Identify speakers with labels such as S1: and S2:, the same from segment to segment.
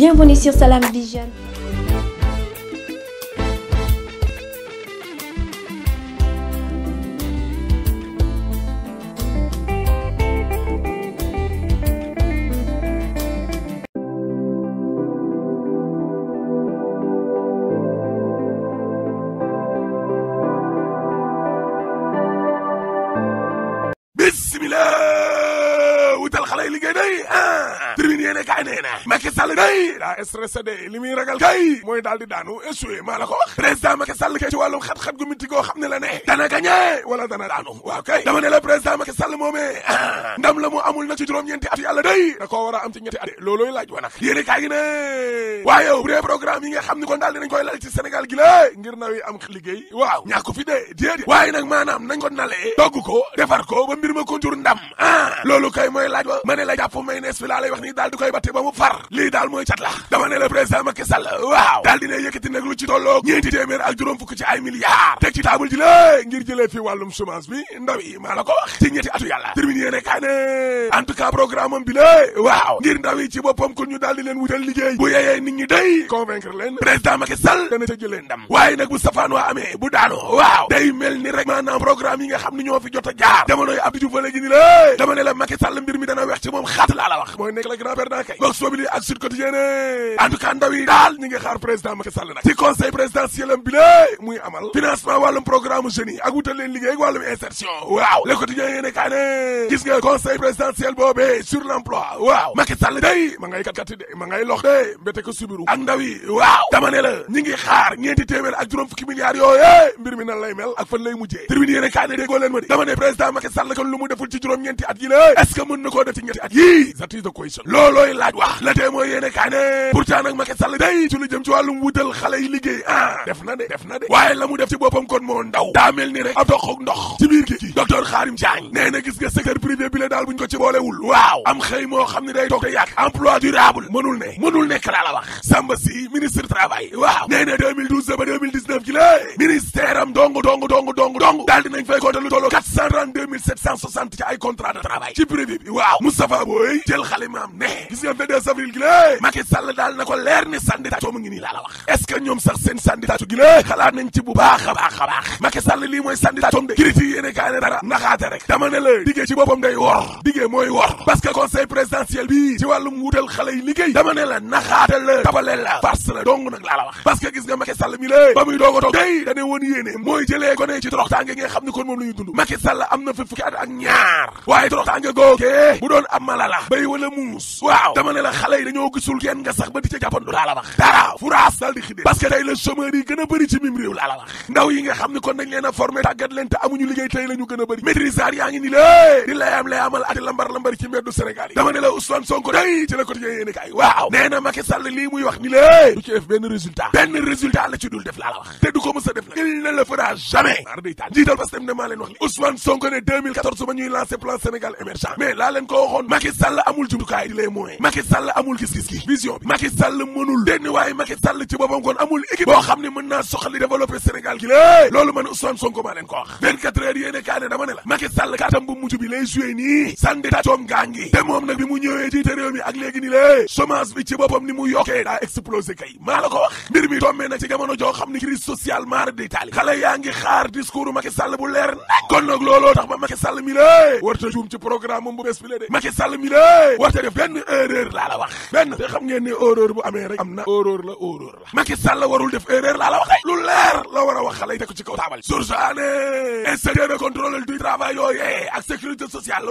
S1: Bienvenue sur Salam Vision. Bismillah wutal xale yi liggéey day ah tribune yéene kaay nee na Sall daa stressé de li muy ragal kay mooy daal di daanu échoué maa la ko wax président Macky Sall kay ci wàllum xat-xat gu miti xam ne la ne dana gañe wala dana daanu waaw kay dama ne la président Macky Sall moomee ah, ndam la mu amul na ci juróom-ñeenti at yàlla day da koo war am ci ñetti at loolooy laaj wa nag yéene kaa ne waaye yow bu dee programme yi nga xam ne kon daal dinañ koy lal ci Sénégal gi la ngir naw am liggéey waaw ñàkk fi de déedéet waaye nag maanaam nañ ko nalee togg ko defar mbir ma ko jur ndam ah loolu wa ma ne di koy batte ba lii daal mooy cat la dama ne la président Macky Sall waaw daal dina yëkkati nag lu ci tolloo ñeenti téeméer ak juróom fukk ci ay milliards teg ci taabal ji la ngir jëlee fi wàllum semence bi ndaw maa la ko wax ci ñetti atu yàlla terminé ne en tout programme am bi waaw ngir ndaw ci boppam kon ñu daal leen wutal liggéey bu yeyee nit ñi day convaincre leen président Macky Sall dana ca jëlee ndam waaye nag bu safaan waa amee bu daanoo waaw day a Sud Quotidien en tout cas daal ñi xaar président Macky Sall nag ci conseil présidentiel am muy amal financement wàllum programme jeunes ak wutal liggéey ak wàllum waaw le quotidien yéene kaa ne gis nga conseil présidentiel boobee sur l'emploi waaw Macky Sall day ma ngay katkatti de lox de mbéte ko subiru ak ndaw waaw dama la ñi xaar ñeenti téeméer ak juróom fukki milliards yooye mbir mi lay mel ak fan lay mujjee tribune yéene kaa ne déggoo yéene kaay ne pourtant nag Macky Sall day ci lu jëm ci wàllum wutal xale yi liggéey ah def na de def na de waaye la mu def ci boppam kon moo ndaw daa ni rek ab dox ak ndox ci biir gi docteur Kharim Diagne nee na gis nga secteur privé bi daal buñ ko ci boolewul waaw am xëy moo xam ne day toog te yàgg durable mënul ne mënul nekk laa la wax Samba Sy ministre travail waaw nee na 2012 ba 2019 de travail ci privé bi waaw Moustapha Boy jël xale maam Macky Sall daal na ko leer ni candidature mu ngi nii laa la wax est-ce que ñoom sax seen candidature gi la xalaat nañ ci bu baax a baax a baax Macky Sall lii mooy candidature de critique yéene kaay ne dara naxaate rek dama ne la diggee ci boppam day wor diggee mooy wor parce que présidentiel bi ci wàllum wutal xale yi liggéey dama ne la naxaate la a dama ne la xale boo gisul kenn nga sax ba di ca jàppandu laa la wax dara furaas daal di xidee parce que la chômeur gën a bëri ci mim laa la wax ndaw yi nga xam ni ko ne le fera jamais ba ñuy lancé plan Sénégal émergent mais laa leen ko waxoon Macky Sall amul jumtukaay di lay moyen Macky Sall amul gis gis-gis gi vision bi Macky Sall mënul dénni waaye Macky Sall ci boppam kon amul équipe boo xam ne mën naa soxali développer Sénégal gi lée loolu man Ousmane Sonko maa leen ko wax 24 heures yéene kaa ne dama la Macky Sall kàttam bu mujj bi lay joué nii sandi tàccoom gaa ngi moom nag bi mu ñëwee jiite réew ak léegi ni lée chômage bi ci boppam ni mu yokkee daa explosé kay maa ko wax mbir mi tombee nag ci jamono joo xam ne crise sociale mara d'Italie xale yaa ngi xaar discours Macky kenn te na erreur la erreur la Macky Sall warul def erreur laa la waxee lu leer la war a wax xale yi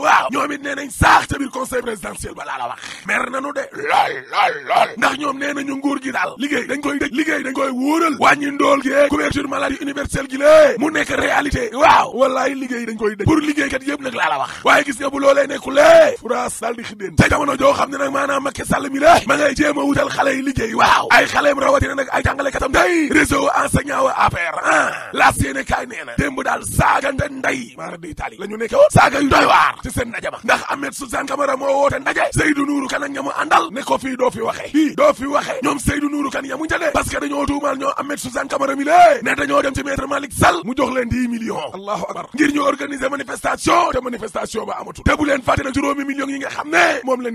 S1: ñoom it nee nguur gi daal liggéey dañ koy dëj liggéey dañ koy wóoral wàññi ndool gi couverture maladie universelle gi lée mu nekk réalité waaw wallaay liggéey dañ koy dëj pour liggéeykat yëpp nag laa la wax waaye gis nga bu loolee nekkulee eh, France daal di xiddeen te jamono joo xam ne nag maanaam Macky Sall mi la ma ngay jéem a wutal xale yi liggéey waaw ay xaleem rawatina nag ay jàngalekatam day réseau enseignant wa APR ah laas yéene kaay nee na démb daal saagante nday maara di tali la ñu nekke woon saaga yu doy waar ci seen ndaje ma ndax Ahmed Suzanne Camara moo woote ndaje Seydou Nourou Kane ñamu àndal ne fii doo fi waxe doo fi waxe ñoom Seydou Nourou Kane yamu njële parce que dañoo tuumaal ñoo Ahmed Suzanne Camara mi lée ne dañoo dem ci maître Malick Sall mu jox leen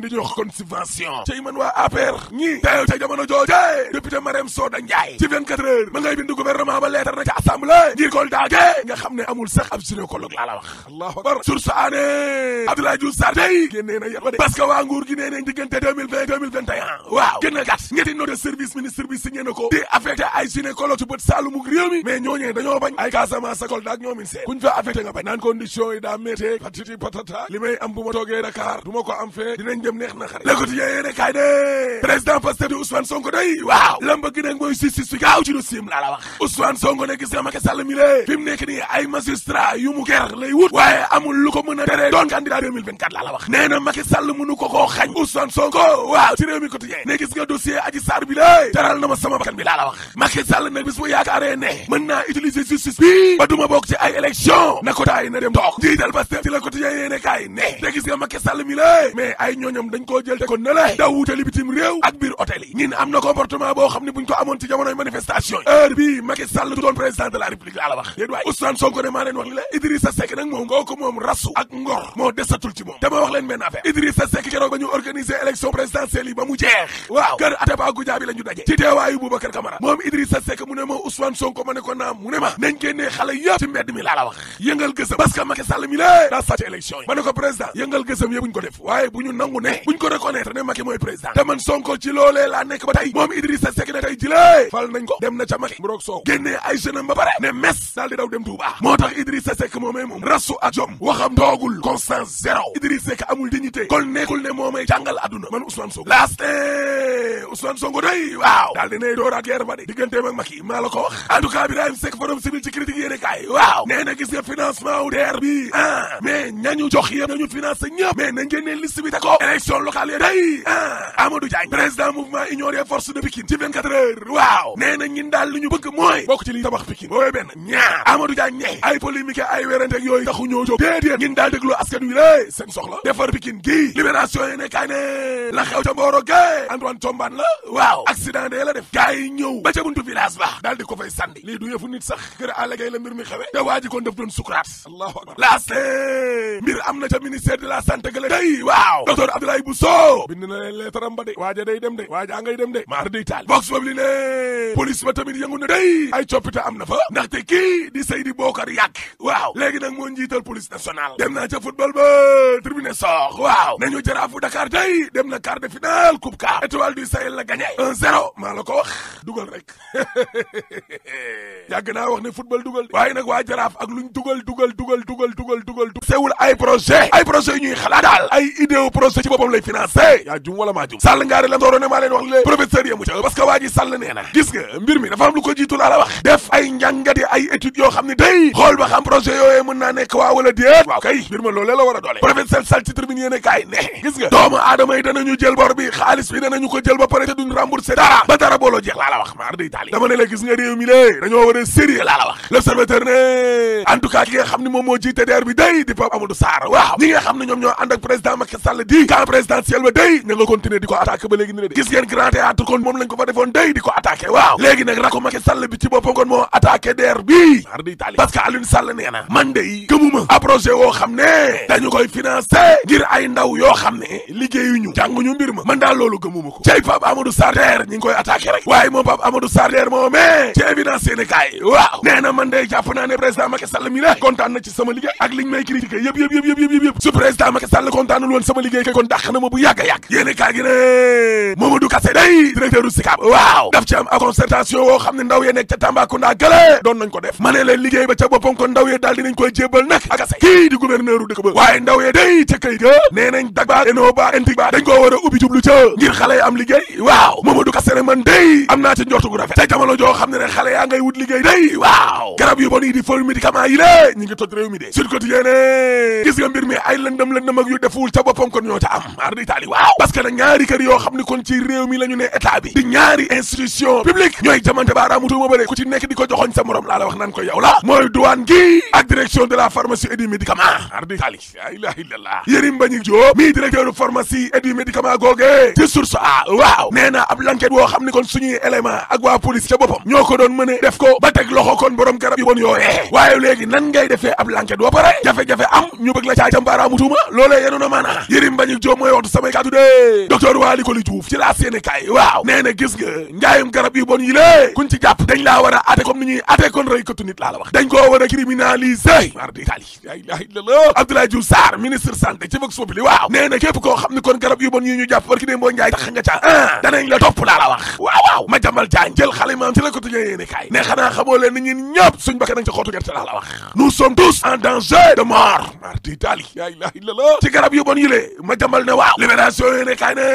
S1: di jox waa APR ñii teew ca jamono jooje député Marème Soda Ndiaye ci 24 heures ma ngay bind gouvernement ba leetar na ci assemblée ngir kool daage xam ne amul sax ab gynécologue laa wax allahu akbar source aane Abdoulaye Diouf Sarr day génnee na yet wa de parce que waa nguur gi nee waaw gën a gàtt ñetti note de ministre bi signé na ko di affecté ay gynécologue ci bët saalumug réew mi mais ñooñee dañoo bañ ay Casamance sa Kolda président Pastef di Ousmane Sonko day waaw lamba gi nag mooy justice bi gaaw ci lu siim laa la wax Ousmane Sonko ne gis nga Macky Sall mi lee fi mu nekk nii ay magistrat yu ko a jël te ko ne la dawut hôtel bitim réew ak biir hôtel yi am na comportement boo xam ne buñ ko amoon ci jamonoy manifestation yi heure bii Sall doon président de la république laa la wax déet waay Ousmane Sonko ne maa leen wax li la Idrissa Seck nag moom ngoo ko moom rasu ak ngor moo desatul ci moom dama wax leen benn affaire Idrissa Seck keroog ba ñu organiser élection présidentielle yi ba mu jeex waaw kër Atepa Goudiaby la ñu daje ci teewaayu bu ñu nangu ne buñ ko président te man Sonko ci loolee laa nekk ba tey moom Idrissa Seck ne tey jilee fal nañ ko dem na ca Macky Mburoog Sow génnee ay jeunam ba pare ne mes daal daw dem Touba moo tax Idrissa Seck moomee moom rasu ak jom waxam toogul constance zéro Idrissa Seck amul dignité kon nekkul ne moomay jàngal adduna man Ousmane Sonko laaste Ousmane waaw daal nay door ak ba de digganteem ak Macky maa la ko wax en tout cas Birahim ci critique yéene waaw nee gis nga Amadou Diagne président mouvement union des forces de Pikine ci 24 heures waaw nee na ñun daal lu ñu bëgg mooy bokk ci li tabax Pikine booy benn ñaar Amadou Diagne ne ay polémique ay werante ak yooyu taxu ñoo jóg déedéet ñun daal déglu askan wi lé seen soxla defar Pikine gii libération yi ne kaay la xew ca Mboro gee Antoine Tombane la waaw accident dee la def gars ñëw ba ca buntu village ba daal di ko fay sànni lii du yëfu nit sax kër àllagay mi la santé gële day waaw docteur Abdoulaye jabaram ba de waaja day dem de waaja ngay dem de maar day taal vox populi police ba tamit yëngu na day ay coppite am na fa ndaxte kii di Seydi Bokar Yàgg waaw léegi nag moo njiital police nationale dem naa ca football ba tribune sox waaw nañu jaraafu Dakar day dem na quart de finale coupe CAF étoile du Sahel la gagné 1-0 maa la ko wax dugal rek yàgg naa wax ne football dugal waaye nag waa jaraaf ak luñ dugal dugal dugal dugal dugal dugal sewul ay jub ngaari la dooroon ne maa leen wax le professeur yemu ca parce que waa gis nga mbir mi dafa am lu ko jiitu laa wax def ay njàngati ay études xam ne day xool ba xam projet yooyee mën naa nekk waa wala déet waaw kay mbir ma loolee la war a doole professeur Sall ci tribune yéene kaay ne gis nga doomu aadama yi danañu jël bor bi xaalis bi danañu ko jël ba pare te duñ remboursé dara ba dara booloo jeex laa wax maar di Pape Amadou di ko attaqué ba léegi ni de di ko attaqué waaw léegi nag rako Macky Sall bi ci boppam kon moo attaqué DER bi ardi Italie parce que Aliou Sall a projet woo xam ne dañu koy financé ngir ay ndaw yoo xam ne liggéeyuñu jànguñu mbir ma man daal loolu gëmuma ko cay Pape Amadou Sarr DER ñi koy attaqué rek waaye moom Pape Amadou Sarr DER moomee ci évidence yéene kaay waaw nee na man day jàpp naa ne président kontaan na ci sama liggéey ak liñ may a yàgg yéene ne Mamadou Kassé day directeur u SICAP waaw daf ci a concertation woo xam ne ndaw yee nekk ca Tambacounda gële doon nañ ko def ma liggéey ba ca boppam kon ndaw yee daal dinañ koy jébbal nag ak Kassé kii di gouverneur u dëkk ba waaye ndaw yee day ca këy ga nee nañ dag baa enoo baa intig baa dañ koo war a ubbi jublu ca ngir xale am liggéey waaw Mamadou Kassé ne man day am naa ci njortu gu rafet ca joo xam ne ne xale yaa ngay wut liggéey day waaw ñaari kër yoo xam ni kon ci réew mi la ñu ne état ko joxoñ sa morom laa la wax naan la mooy douane de la pharmacie et du médicament ardi xaali la ilaha illallah Yérim directeur pharmacie et médicament googe ci source a waaw nee ab lanket boo xam ni kon suñuy élément ak waa police ca boppam ñoo ko doon mëne def ko ba teg loxo kon borom garab yu bon yooyee waaye léegi nan ngay defee ab lanket ba pare jafe-jafe am ñu bëgg la caa jam tuuma loolee yenoon a maanaa Yérim Mbagnick mooy waxtu samay kàddu de docteur Waly Coly Diouf ci laa seeni kaay waaw nee gis nga njaayum garab yu bon yi lé kuñ ci jàpp dañ laa war a atte comme ni ñuy atte kon reykatu nit laa la wax dañ koo war a criminaliser mar di tali la ilaha illallah Abdoulaye Diouf ministre santé ci Vox Populi waaw nee na képp koo xam kon garab yu bon yi ñu jàpp barki dee boo njaay tax nga ca ah danañ la topp laa la wax waaw waaw ma jàmbal jaan jël xale ci la quotidien yéene kaay ne ne waaw libération yéene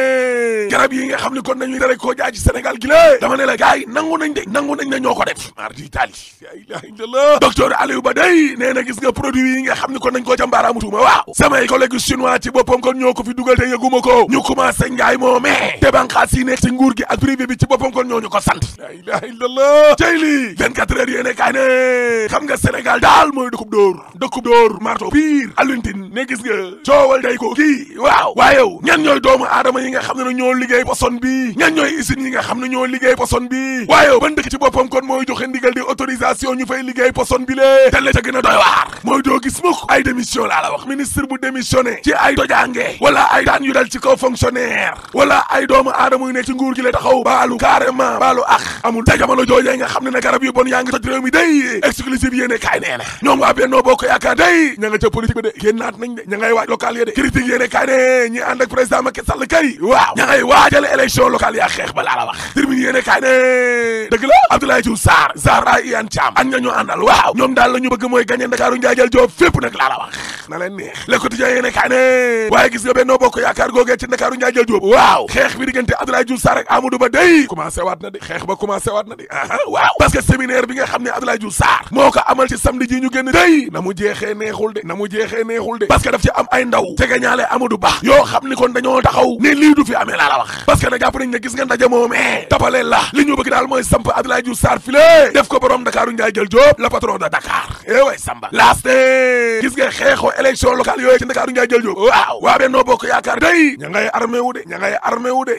S1: garab yi nga xam ne kon nañuy dara koo jaay ci Sénégal gi lée dama ne la gars yi nangu nañ de nangu nañ ne ñoo ko def mar di taali la ilaha illallah docteur Aliou Ba day nee na gis nga produit yi nga xam ne kon nañ koo jàmbaaraamu tuuma waaw samay collègue chinois ci boppam kon ñoo ko fi dugal te yëguma ko ñu commencé njaay moomee te banqaas yi nekk ci nguur gi ak privé bi ci boppam kon ñoo ñu ko sant la ilaha illallah tey lii 24 heures yéene kaay ne xam nga Sénégal daal mooy dëkkub dóor dëkkub dóor marto pire Alioune Tine ne gis nga coowal day ko kii waaw waaye ñan ñooy doomu aadama yi nga xam ne ñoo liggéey poson bi ñan ñooy usines yi nga xam ne ñoo liggéey poson bi waaye ban dëkk ci boppam kon mooy joxe ndigal di autorisation ñu fay liggéey poson bi lée te la gën a doy waar mooy doo gis mukk ay démission laa la wax ministre bu démissionné ci ay dojaange wala ay daan yu dal ci kaw fonctionnaire wala ay doomu aadama yu ne ci nguur gi la taxaw baalu carrément baalu ak amul te jamono joojee nga xam na garab yu bon yaa ngi toj réew waaw ña ngay waajal élection locale yaa xeex ba laa la wax termine yéene kaay ne dëgg la Abdoulaye Diouf Sarr Zahra Iyane Thiam ak ña ñu àndal waaw ñoom daal la ñu bëgg mooy gagné Ndakaaru njaajal joob fépp nag laa wax na neex le quotidien yéene kaa waaye gis nga Benno Bokk Yaakaar googee ci Ndakaaru njaajal joob waaw xeex bi diggante Abdoulaye Diouf Sarr ak Amadou Ba day commencé waat na di xeex ba commencé waat na di waaw parce que bi nga xam ne Abdoulaye Diouf Sarr moo ko amal ci samedi ji ñu génn day na mu jeexee neexul de na mu jeexee Abdoulaye Diouf Sarr filé def ko borom Dakar Ndiaye jël Diop la patron de Dakar eh way Samba laaste gis nga xeexoo élection locale yooyu ci Dakar Ndiaye jël Diop waaw waa Benno Bokk Yaakaar day ña ngay armé wu de ña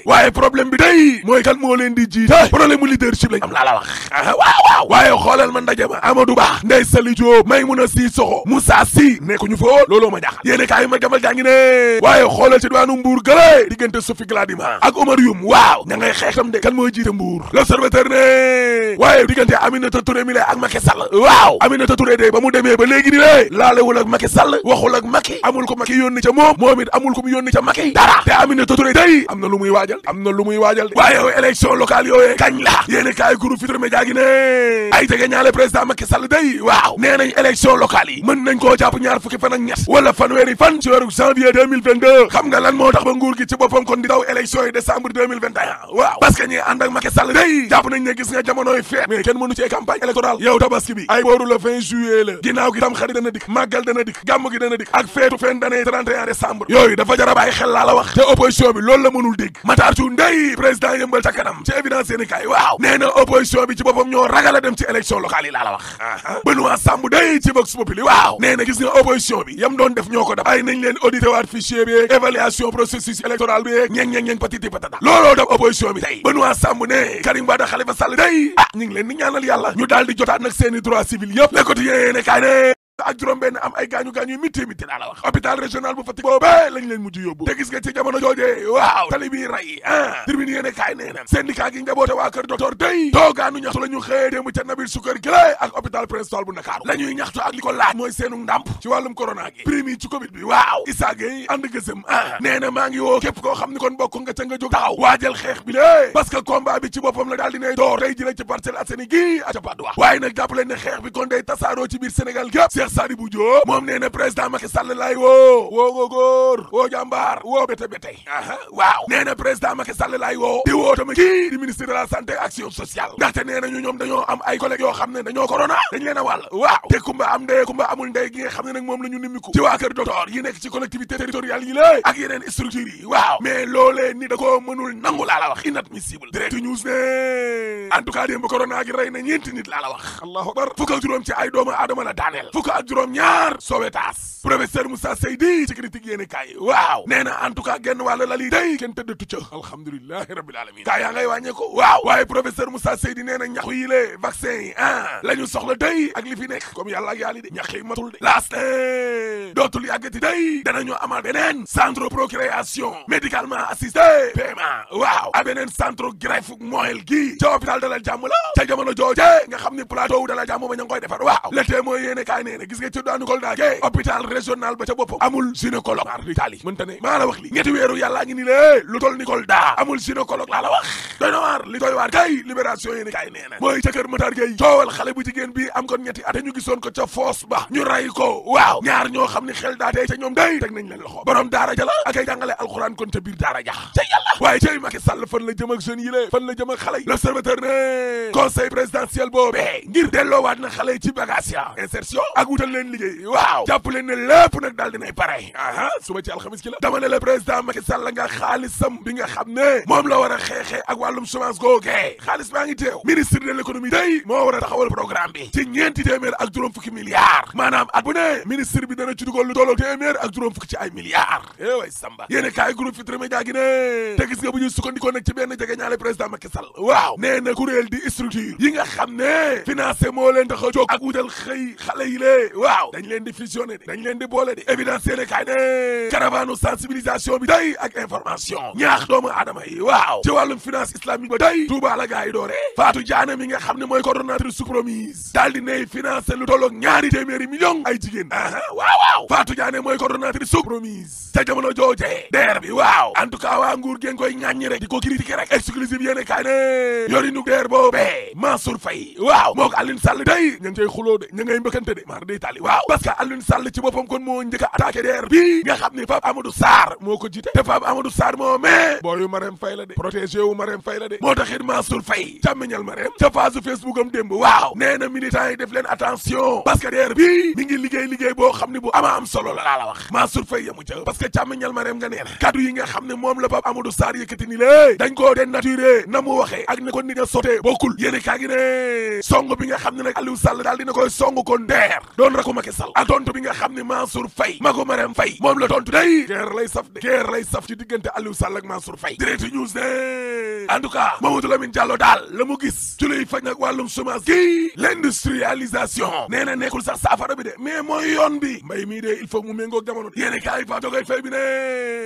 S1: waaye problème bi day mooy kan moo leen di jiite problème mu leadership lañ am laa la wax waaw waaw waaye xoolal ma ndaje ma Amadou Ba Ndeye Sali Diop Maymouna Sissoko Moussa Sy nekkuñu fa woon looloo ma jaaxal yéene kaay ma gamal jaa ngi ne waaye xoolal ci diwaanu Mbour gële diggante Sophie Gladima ak Omar Youm waaw ña ngay xeexam de kan waaye diggante Aminata Touré mi lay ak Macky Sall waaw Aminata Touré de ba mu demee ba léegi ni lée laalewul ak Macky Sall waxul ak Macky amul ko ca moom moom it mu yónni ca Macky dara te Aminata Touré day am na lu waajal am na lu waajal waaye yow élection locale yooyee kañ la yéeni kaay groupe ay jege ñaale président Macky Sall day waaw nee nañ élection yi mën nañ koo jàpp ñaar fukki fan ak ñett wala fan ci weeru jamonoy feet mais kenn mënu cee campagne électorale yow tabaski bi ay booru le 20 la ginnaaw gi tam xarit dana dikk màggal dana dikk gàmm gi dana dikk ak feetu fen danay 31 décembre yooyu dafa jar a xel laa la wax te opposition bi loolu la mënul dégg Matar Thioune ndey président yëmbal ca kanam ci évidence yéen kaay waaw nee na opposition bi ci boppam ñoo ragal dem ci élection locale laa la wax Benoît Sambou day ci Vox Populi waaw nee yi ah ñu ngi leen di ñu daal jotaat nag seen i droit civil yëpp le quotidien yéene kaay ne ak juróom benn am ay gaañu gaañu yu mitti mitti daa wax hôpital régional bu Fatick boobee lañ leen mujj yóbbu te gis nga ci jamono jooje waaw tali bi ray ah kaay nee na syndicat gi njaboote waa kër docteur day toogaanu ñaxtu la xëyee démb ca Nabil Soukar Gilé ak hôpital principal bu Ndakaaru la ñaxtu ak li laaj mooy seenu ndàmp ci wàllum corona gi prime ci covid waaw Issa Gueye ànd gësëm ah maa ngi woo képp koo xam ni kon bokk nga Cheikh bu Diop moom nee na président Macky Sall laay woo woo góogóor woo jàmbaar woo béte béte aha waaw nee na président Macky Sall laay woo di woo tamit kii di ministre de la santé action sociale ndaxte nee nañu ñoom dañoo am ay collègues yoo xam ne dañoo corona dañ leen a wàll waaw te kumba am ndey kumba amul ndey gi xam ne nag moom la ñu nimmiku ci waa kër docteur yi nekk ci collectivité territoriale yi lée ak yeneen structures waaw mais loolee ni da wax inadmissible direct news ne en tout cas na ñeenti nit laa la wax allahu akbar ak juróom-ñaar Sowetaas professeur Moussa Seydi ci critique yéen kaay waaw nee na en tout cas genn wàllu lal yi day kenn tëddatu ca alhamdulilahi rabbil alamin kaa yaa ngay wàññee ko waaw waaye professeur Moussa Seydi nee na ñaxu yi lee vaccin yi ah la ñu soxla day ak li fi nekk comme yàlla ak yàlli de ñax yi matul de laast eh, dootul yàggati day danañoo amaat beneen centre procréation médicalement assisté PMA waaw ak beneen centre greffe moelle gi ca hôpital Dalal Jàmm la ca jamono jooje nga xam ni plateau Dalal Jàmm ba ña ngi koy defar waaw le témoin yéene kaay nee na gis nga ci daanu Kolda ke hôpital régional ba ca boppam amul gynécologue mar d'Italie li ñetti weeru yàllaa ngi ni lée lu tol ni amul gynécologue laa la doy na waar li doy waar kay libération yéeni kay nee mooy ca kër Matar Gueye coowal xale bu jigéen bi am kon ñetti at ñu gisoon ko ca foos ba ñu ray ko waaw ñaar ñoo xam ni xel daa ca ñoom day teg nañ leen loxo borom daara ja la ak ay jàngale alxuraan kon ca biir daara ja ca yàlla wutal leen waaw jàpp leen ne lépp nag daal dinay pare aha suba ci alxamis ki la dama ne le président Macky Sall nga xaalisam bi nga xam ne moom la war a xeexee ak wàllum xaalis baa ngi teew ministre de day moo war a taxawal programme bi ci ñeenti téeméer ak juróom fukki milliards maanaam at bu ne ministre bi dana ci dugal lu tolloog téeméer ak juróom fukki ci ay milliards eh way samba yéene kaay groupe Futurs Médias gi ne te nga bu ñuy sukkandikoo na kuréel di structure yi nga xam ne financé moo leen tax a jóg ak wutal xëy xale yi lee de waaw dañ leen di fusionné de dañ leen di boole de évidence yéene kaay ne caravane sensibilisation bi day ak information ñaax doomu aadama yi waaw ci wàllum finance islamique ba day Touba la gaa yi doore Fatou Diané mi nga xam ne mooy coordonnatrice Sucromise daal di nay financé lu tolloog ñaari téeméeri million ay jigéen aha waaw waaw Fatou Diané mooy coordonnatrice Sucromise ca jamono jooje deer bi waaw en waa nguur geen koy ŋàññi rek di ko critiquer day tàlli waaw parce que Sall ci boppam kon moo njëkk a attaqué DER bi nga xam ne Pape Amadou Sarr moo ko jiite te Pape Amadou Sarr moo mais boor yu Marème Faye la de protégé wu Marème Faye la de moo taxit Mansour Faye càmmiñal Marème ca page Facebook am démb waaw nee na militants yi def leen attention DER bi mi ngi liggéey liggéey boo xam ne bu ama am solo la laa la wax Mansour Faye yamu ca parce que càmmiñal nga nee na yi nga xam ne moom la Pape Amadou Sarr yëkkati waxee ak ne ko ni nga sottee bokkul nga xam ne nag Aliou Sall daal dina koy doon rakku ma Sall ak bi nga xam ne Mansour Faye ma ko Marème Faye moom la tontu day guerre lay saf de guerre lay saf ci diggante Aliou Sall ak Mansour Faye direct news de en tout cas Mamadou Lamine Diallo daal la mu gis ci luy faj nag wàllum semence kii l'industrialisation nee na nekkul sax saafara bi de mais mooy yoon bi mbay mii de il faut mu méngoo jamono yéene kaay Pape Diogaye Faye bi ne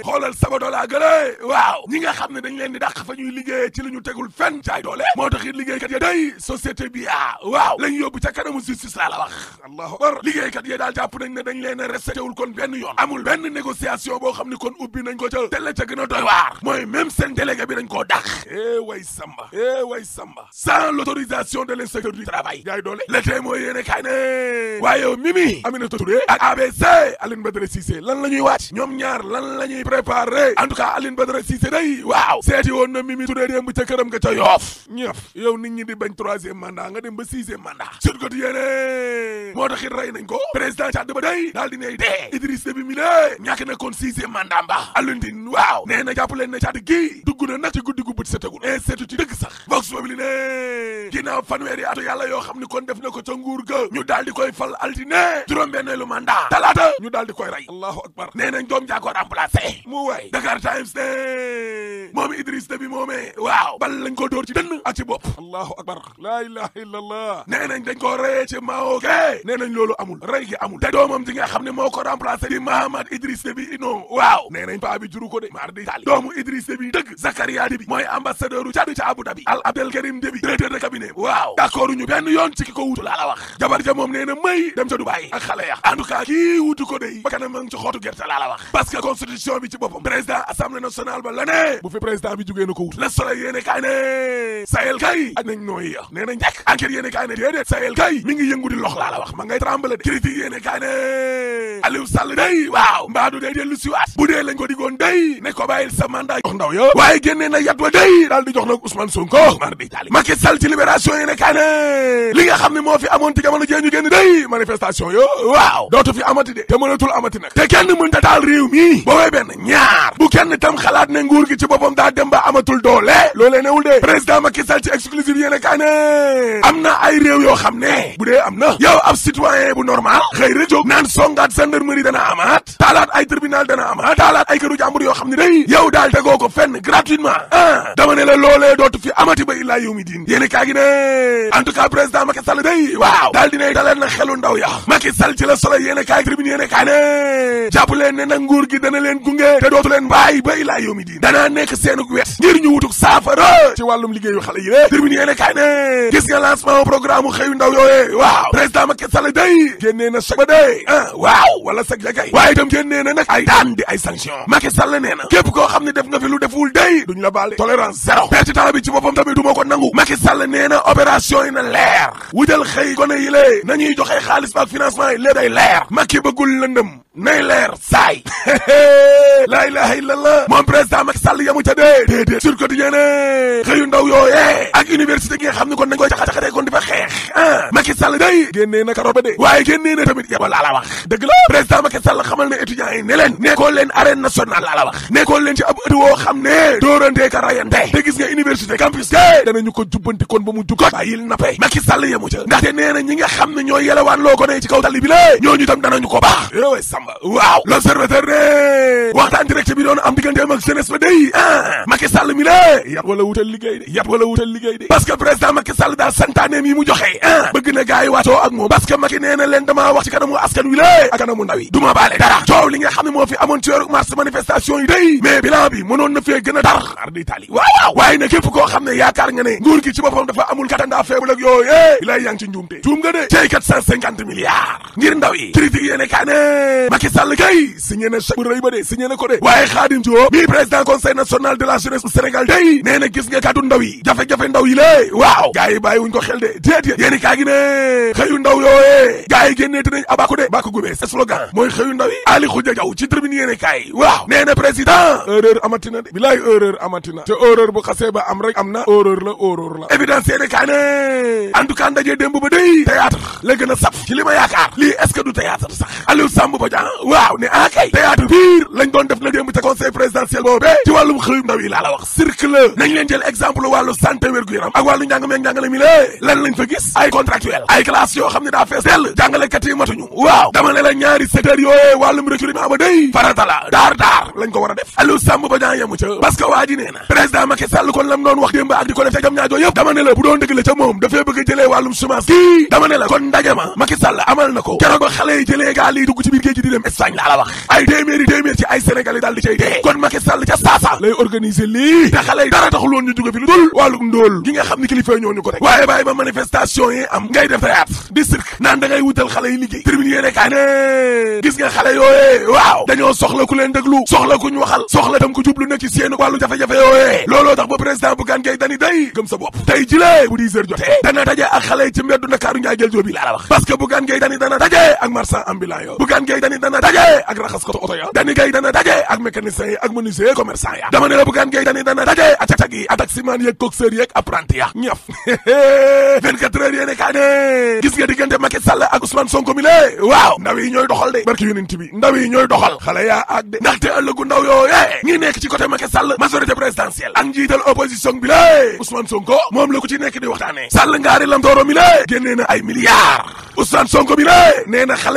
S1: xoolal Sabodala gële waaw ñi nga xam ne dañ leen di dàq fa ñuy liggéey ci li ñu tegul fenn jaay doole moo taxit liggéeykat ya day société bi ah waaw lañ yóbbu ca kanamu justice laa la wax allah koppar liggéeykat yee daal jàpp nañ ne dañ leen a respecté wul kon benn yoon amul benn négociation boo xam ni kon ubbi nañ ko ca te la ca gën a doy waar mooy même seen délégué bi dañ koo dàq eh way samba eh way samba sans l'autorisation de l'inspecteur du yaay doole le témoin yéene kaay ne waaye Mimi Aminata Touré ak ABC Aline Badara Cissé lan la ñuy wàcc ñoom ñaar lan la ñuy préparé en tout cas Aline day waaw seeti woon na Mimi Touré di bañ troisième rey nañ ko président Tchad ba day daal di nay dee Idriss Déby mi ne ñàkk na kon sixième mandat ba Alioune waaw nee na jàpp leen ne Tchad gi dugg na ci guddi gu bët setagul institut ci dëgg sax vox populi ne ginnaaw fanweeri at yàlla yoo xam ni kon def ko ca nguur ñu daal koy fal altine juróom-benneelu mandat talaata ñu daal koy rey allahu akbar nee doom jaa ko remplacé ci dënn ak ci loolu amul rey amul te doomu Idriss Déby dëgg Zakaria Déby mooy ambassadeur u Tchad ca Abu Dhabi Al Abdel Karim Déby directeur de cabinet waaw d'accord ñu benn yoon ci ki ko wutu laa wax jabar ja moom nee na may ca Dubaï ak xale ya en tout kii wutu ko de ba kanam ma ci xootu gerte laa wax parce que bi ci boppam président assemblée nationale ba la bu fi président bi jugee ko wut le soleil yéene kaay ne Sahel kay aj nañ nooyi ya assemblée de critique yéene kaa ne Aliou Sall day waaw mbaadu day dellu si waat bu dee lañ ko digoon day ne ko bàyyil sa mandat jox ndaw yo waaye génnee na yat wa day daal di jox nag Ousmane Sonko mar di taali Macky Sall ci libération yéene kaa ne li nga xam ne moo fi amoon ci jamono jee ñu génn day manifestation yo waaw dootu fi amati de te mënatul amati nag te kenn mënta taal réew mi boobee benn ñaar bu kenn tam xalaat ne nguur gi ci boppam daa dem ba amatul doole loolee citoyen bu normal xëy rek jóg naan songaat gendarmerie dana amaat taalaat ay tribunal dana amaat taalaat ay këru jàmbur yoo xam ne day yow daal tegoo ko fenn gratuitement ah dama la loolee dootu fi amati ba illaa yow mi diin yéeni kaa gi ne en tout cas président Macky day waaw daal dinay daleen na xelu ndaw ya Macky Sall ci la solo yéene kaay tribune yéene kaay ne jàpp ne nag nguur gi dana leen gunge te dootu leen ba illaa yow mi diin danaa ne day génnee na chèque ba ah waaw wala chèque ya kay waaye itam génnee na nag ay daan di ay sanction Macky Sall nee na képp koo xam ne def nga fi lu deful day duñ la baale tolérance zéro perte temps bi ci boppam tamit du ma ko nangu Macky Sall nee na opération yi na leer wujal xëy gone yi lée nañuy joxe xaalis ba ak financement yi lée day leer Macky bëggul lëndëm nay leer saay laa ilaha illallah moom président Macky Sall yamu ca dee déedéet sur ko di xëyu ndaw yooyee ak université gi xam ni kon nañ koy caxa kon di fa xeex ah Sall day génnee na karoba de waaye génnee na tamit yebal ala wax dëgg la président Macky Sall xamal ne étudiants yi ne leen nekkoon leen arène nationale ala wax nekkoon leen ci ab ëtt woo xam ne dóorantee ka rayante te gis nga université campus de danañu ko jubbanti kon ba mu jukko bàyyil na pay Macky Sall yamu ca ndaxte nee na ñi nga la ñooñu tam danañu ko waaw l'observateur de waxtaan direct bi doon am digganteem ak jeunesse ba day ah Macky Sall mi la yàpp wala wutal liggéey de yàpp wala wutal liggéey de parce président Macky Sall daal santaaneem yi mu joxe ah bëgg na gars yi waatoo ak moom parce que Macky nee na leen damaa askan wi la ak kanamu ndaw duma baale dara coow li nga xam ne moo fi amoon mars manifestation yi day mais bilan bi mënoon na fee gën a tar ar di tali waaw waaw waaye nag képp koo xam Macky Sall kay signé na chèque bu rëy ba de signé na ko de waaye Khadim Diop mi président conseil national de la jeunesse bu Sénégal day nee na gis nga kàddu jafe-jafe ndaw yi lée waaw gars yi bàyyi xel de déedéet yéeni kaa gi ne xëyu ndaw yooyee gars yi génnee dinañ abako de bako gubee slogan mooy xëyu ndaw Ali Khoudia Diaw ci tribune yéene kaay waaw nee na président erreur amatina de bilaay erreur amatina te erreur bu xasee ba am rek am na erreur la erreur la évidence yéene ba day théâtre la a saf ci li ma yaakaar lii est-ce que du théâtre ah waaw ne ah kay théâtre pire lañ doon def la démb ca conseil présidentiel boobee ci wàllum xëyum ndaw yi laa la wax cirque nañ leen jël exemple wàllu santé wér gu ak wàllu ñaari secteur yooyu wàllum recrutement ba day farata daar daar lañ ko war a def Aliou Samb ba ñaa ca parce que waa président Macky Sall kon lam doon wax démb ak di ko def ca jam ñaajoo yëpp dama ne la bu doon dëgg la ca moom dafay bëgg wàllum semence kii dama ne la kon ndaje ma Macky Sall amal na ko keroog ba xale yi jëlee gaal yi dugg ci biir géej gi di dem Espagne la la wax ay téeméeri téeméer ci ay sénégalais daal di cay dee kon Macky ca saasa lay organiser lii te xale yi dara taxul woon ñu jóge fi lu dul wàllum ndóol gi nga xam ni kilifa ñoo ñu ko rek waaye bàyyi ba manifestation yi am ngay def théâtre di cirque naan da ngay wutal xale yi liggéey tribune yéene kaay ne gis nga xale yooyee waaw dañoo soxla ku leen déglu soxla ku ñu waxal soxla tam ko na ci seen wàllu jafe-jafe yooyee looloo tax ba président bu gaan ngay dani day gëm sa bopp tey xale yi ci mbeddu Ndakaaru njaay jël jóob yi laa la wax parce que Bougane Gueye Dany dana daje ak marchand ambulant yo Bougane Gueye Dany dana daje ak raxaskatu oto ya Dany Gueye dana daje ak mécanicien yi ak menuisier commerçant ya dama ne la Bougane dana daje ak cag-cag yi ak taximan yeeg ya ñaf 24 heures yéene kaa ne gis nga diggante Macky ak Ousmane Sonko mi lé waaw ndaw yi ñooy de barki yonent bi ndaw yi ñooy doxal xale yaa ak de ndaxte ëllëgu ndaw yooyee ci côté Macky Sall majorité présidentielle ak njiital opposition bi lé la Coro la génnee na ay milliards Ousmane Sonko mi la nee na wax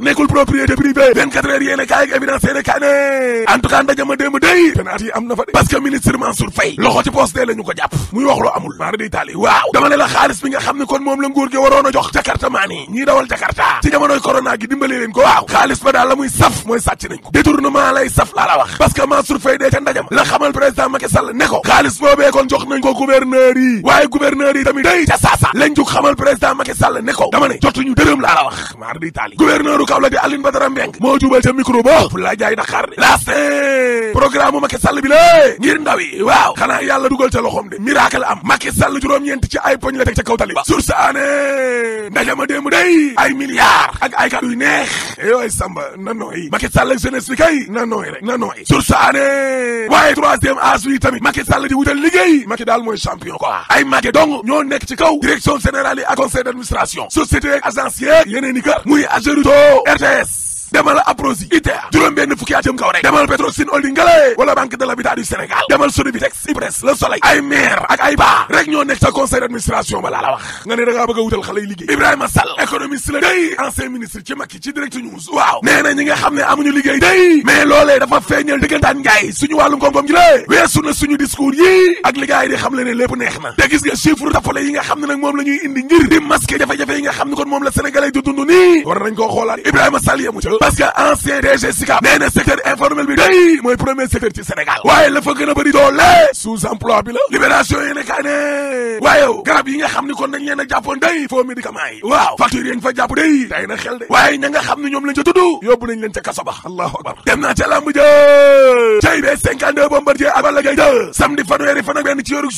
S1: nekkul a ma démb dee la ñu ko la xaalis bi nga xam ne kon moom lay saf laa wax parce que Mansour dee ca ndaje ma la xamal président Macky Sall ne ko xaalis boobee kon jox nañ ko gouverneur gouverneur yi waaye gouverneur yi tamit day ca saasa lañ jug xamal président Macky Sall ne ko dama ne jotuñu dërëm laa la wax maar di taali gouverneur u Kaolack di Aline Badara Mbeng moo jubal ca micro ba fu laa jaay Dakar de laast programme Macky Sall bi lée ngir waaw xanaa yàlla dugal ca loxoom de miracle am Macky Sall juróom-ñeent ci ay poñ la teg ca kaw tali ba source aane ndajama démb day ay milliards ak ay kàddu yu neex yooyu samba na nooy Macky Sall ak champion quoi ay magge dong ñoo nekk ci kaw direction générale yi ak conseil d'administration société agence yeeg yeneen i kër muy agéruto RTS demal Aprosi ITA juróom benn fukki at jëm kaw rek demal Petrosen Holding ngalae wala banque de l'habitat du Sénégal demal Sodebitex IPRES Le Soleil ay maire ak ay baa rek ñoo nekk sa conseil d'administration ba laa la wax nga ne da ngaa a wutal xale yi liggéey Ibrahima Sall économiste la day ancien ministre ci Macky ci Direct News waaw nee na ñi nga xam ne amuñu liggéey day mais loolee dafa feeñal dëggantaan ngaay suñu wàllum koom-koom gi le parce que ancien DG SICAP nee na secteur informel bi day mooy premier secteur ci Sénégal waaye la fa gën a doole sous emploi bi la libération yéen a kaay ne garab yi nga xam ni kon dañ leen a jàppoon day faux médicament yi waaw facture yi ñu fa jàpp day day na xel de waaye ña nga xam ne ñoom lañ ca tudd yóbbu nañ leen ca kaso ba allahu ak Balla Gaye 2 ci yoru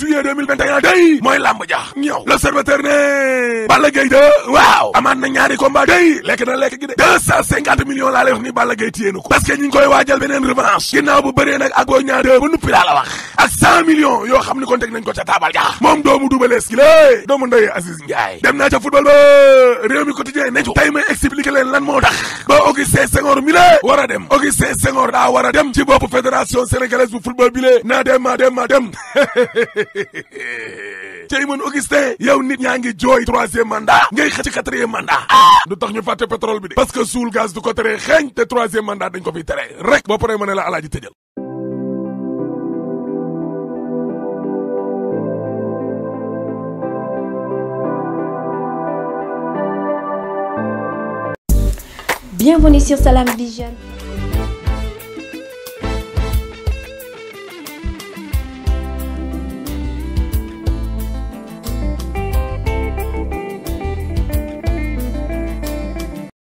S1: ja ñëw l'observateur ne Balla Gaye 2 waaw amaat na ñaari combat day lekk na lekk gi de millions laa lay wax ni Balla Gaye téye ko parce que ñu ngi waajal beneen revanche ginnaaw bu bëree nag ak Boy Niang 2 ba nuppi laa la wax ak cent millions yoo xam ni kon teg nañ ko ca taabal ja moom doomu dubalees ki lée doomu ndey Aziz Ndiaye dem naa ca football ba réew mi quotidien nañu lan moo tax ba Augustin Senghor mi lée war a dem Augustin Senghor daa a dem ci bopp fédération sénégalaise bu football bi naa dem ma dem ma dem tey ñaa ngi jooy troisième mandat ngay xëcc quatrième mandat ah! du tax tere xeeñ te troisième mandat dañ ko fi tere rek boo paree ma ne la alaaji tëjal Bienvenue sur Salam Vision.